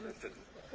Trebuie